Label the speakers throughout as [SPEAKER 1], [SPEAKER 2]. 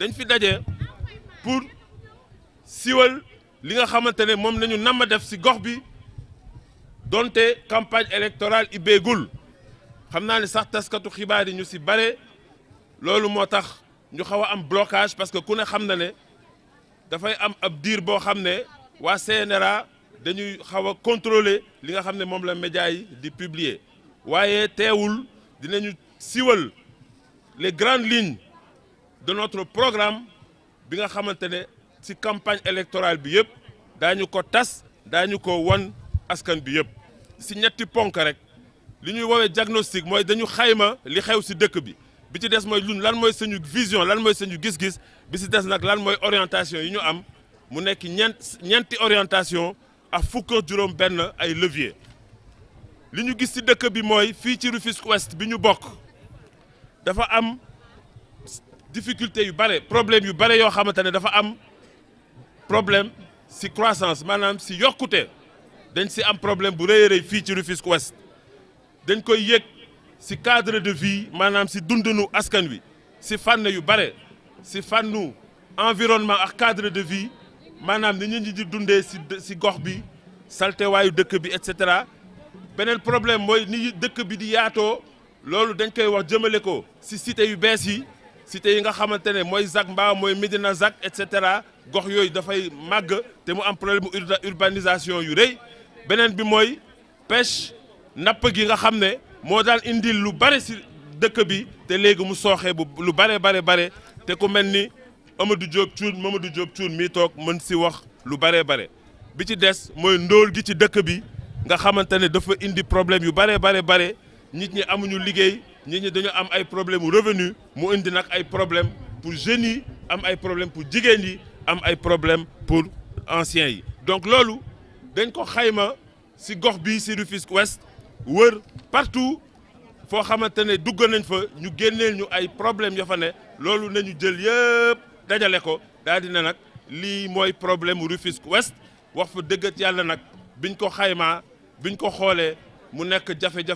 [SPEAKER 1] dañ fi dajé pour siwal li nga xamante mom lañu nañu def ci gox bi donté campagne électorale i xamna xam sax taskatu xibaar yi ñu ci baré lolu motax ñu xawa am blocage parce que ku ne xam na ne dafay am ab dir bo xamné wa CNRA dañuy xawa contrôler li nga xamné mom la média yi di publier wayé téwul dinañu siwal les grandes lignes de notre programme bi nga xamantene ci campagne électorale bi yëpp dañu ko tass dañu ko won askan bi yëpp ci ñetti ponk rek li ñuy woowee diagnostic moy dañu xayma li xew ci dëkk bi bi ci dess moy lan moy suñu vision lan moy suñu gis-gis bi ci dess nak lan moy orientation yi ñu am mu nekk ñenti orientation a fukk juroom ben ay levier li ñu gis ci dëkk bi moy fi ci Rufisque west bi ñu bok dafa am difficulté yu problèmes, problème yu bare yoo xamante dafa am problème ci croissance madame, si yokkute dañ ci am problème bu rëy a ci Rufisque Ouest dañ koy yëg ci cadre de vie manam si dundunu askan wi ci fanne yu baré ci fanou, environnement ak cadre de vie manam ni ñu di dundee ci ci gox bi wayu dëkk bi et cetera problème moy ni dëkk bi di yaatoo lolu dañ koy wax jëmele ko ci cité yu bees yi cité yi nga xamantene moy mooy ZAC Mbao mooy Médina ZAC et cetera gox yooyu dafay màgg te mu am problème urbanisation yu rëy benen bi moy pêche nap gi nga xam Mo dal indi indil lu bare si dëkk bi te léegi mu soxé bu lu bare bare bare te ku melni Amadou Diop Thioune Mamadou Diop Thioune mi tok man si wax lu bare bare bi ci dess moy ndol gi ci dëkk bi nga xamantene dafa indi problème yu bare bare bare nit ñi amuñu liggéey nous avons des problèmes de revenus, nous revenu des problèmes pour les problème pour jeunes nous am problème pour les des problème pour anciens donc lolo, dañ ko si si Ouest partout Il ramener savoir que nañ fa ñu problèmes, ñu ay problème yoo fa Nous nañu jël des problèmes ko d'ailleurs, dina problèmes problème Ouest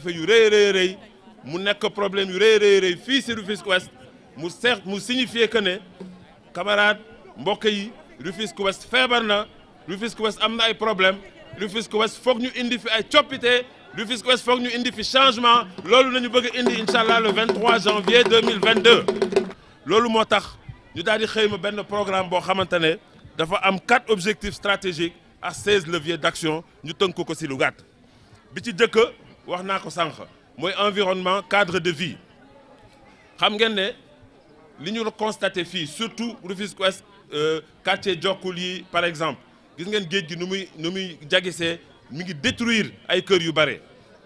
[SPEAKER 1] yu mu nekk problème yu rëy rëy rëy fii si Ouest mu seet mu signifier que ne camarade mbokk yi Rufisque Ouest feebar na Rufisque Ouest am na ay problème Rufisque Ouest foog ñu indi fi ay coppite Rufisque Ouest foog indi fi changement loolu nañu bëgg indi inchallah, le 23 janvier 2022 loolu motax ñu daal xeyma ben programme bo xamante dafa am quatre objectifs stratégiques à seize leviers d'action, ñu tënk ko ci lu gatt bi ci jëkk waxna ko sànq mooy environnement cadre de vie xam ngeen ne li ñu constaté fii surtout Rufisque Ouest euh, quartier Jokkul par exemple gis ngeen géej gi nu muy nu muy jagisee mi ngi détruire ay kër yu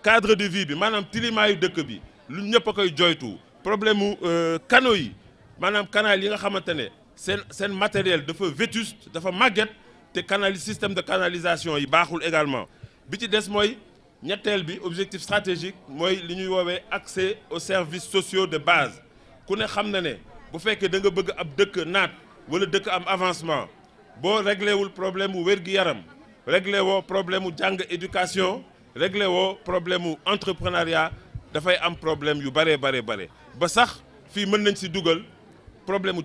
[SPEAKER 1] cadre de vie bi maanaam tilimaayu dëkk bi lu ñëpp a koy joytu problème euh, canaux yi maanaam canal yi nga xamante ne seen matériel de feu vétuste dafa màgget te canal système de canalisation il baaxul également bi ci des moy ñettel bi objectif stratégique moy li accès aux services sociaux de base ku ne xam na né bu féké da nga bëgg ab dëkk wala dëkk am avancement problème wu wër gu yaram problème mu éducation régler wo problème mu entrepreneuriat fay am problème yu baré, baré, baré. ba sax problème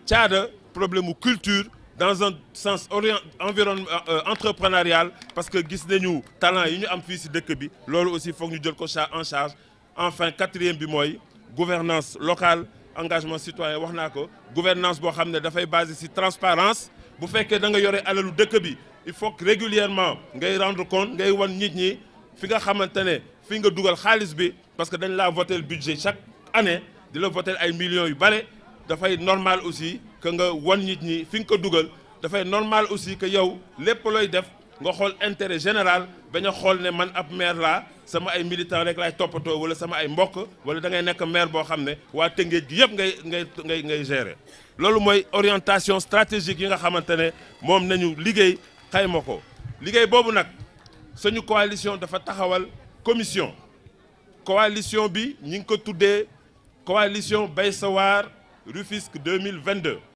[SPEAKER 1] problème culture dans un sens orient environnement euh, euh, entrepreneurial parce que gis nañu talent yi ñu am fi ci dëkk bi lolu aussi foog ñu jël ko en charge enfin quatrième bi moy gouvernance locale engagement citoyen wax ko gouvernance bo xamné da fay basé si transparence bu féké da nga yoré alalu dëkk bi il faut que régulièrement ngay rendre compte ngay wan nit ñi fi nga xamantene fi nga duggal xaalis bi parce que dañ la voter le budget chaque année de le voter ay millions yu da fay normal aussi que nga won nit ñi fi nga ko dugal dafay normal aussi que yow lépp looy def nga xool intérêt général bañ a xool ne man ab maire laa sama ay militant rek laay toppatoo wala sama ay mbokk wala da ngay nekk maire boo xam ne waa Tëngéej gi yëpp ngay ngay ngay ngay gérer loolu mooy orientation stratégique yi nga xamante ne moom nañu liggéey xayma ko liggéey boobu nag suñu coalition dafa taxawal commission coalition bi ñi ngi ko tuddee coalition Bay Sa War Rufisque 2022